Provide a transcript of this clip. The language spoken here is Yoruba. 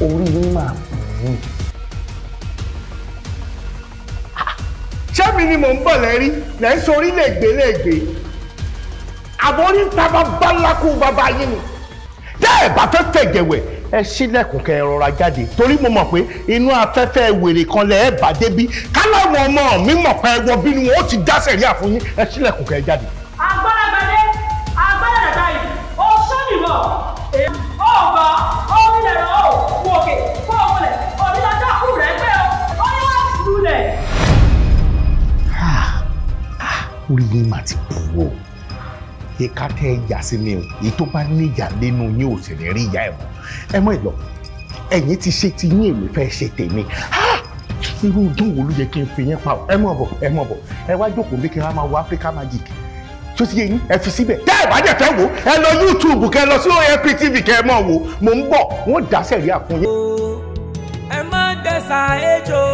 orí yín máa bù ú. sẹ́mi ni mò ń bọ̀ lẹ́rí lẹ́ ń sorí lẹ́gbé lẹ́gbé àbórí ń ta bàbá ńlá kú bàbá yín ni tẹ́ ẹ̀ bá fẹ́ fẹ̀gẹ̀wẹ̀ ẹ ṣílẹ̀kùn kẹ́ ẹ rọra jáde torí mo mọ̀ pé inú afẹ́fẹ́ wèrè kan lẹ́ ẹ̀ bá débi káláwọn ọmọ mi mọ̀ pé ẹ wọ bínú wọn ó ti dá sẹ̀ríà fún yín ẹ ṣílẹ̀kùn kẹ́ ẹ jáde. kú lè ti kú o ìka tẹ ìjà sí mi o èyí tó bá níjà nínú yín ò sì ní rí ìyá ẹ mọ ẹ mọ ìlọ ẹ̀yin ti ṣe ti yín èmi fẹ́ ṣe tèmi irú ọdún wo ló yẹ kí n fi yín pa ọ ẹ mọ̀ bọ̀ ẹ mọ̀ bọ̀ ẹ wá jókòó bí kí n máa wo Africa Magic tó ti yé yín ẹ fi síbẹ̀. tẹ́ ẹ bá dẹ̀ fẹ́ wò ẹ lọ YouTube kẹ lọ sí OAP TV kẹ ẹ mọ̀ wò mò ń bọ̀ wọ́n dá sẹ̀rí àkúnyẹ́. ẹ má dẹ́sà ejò.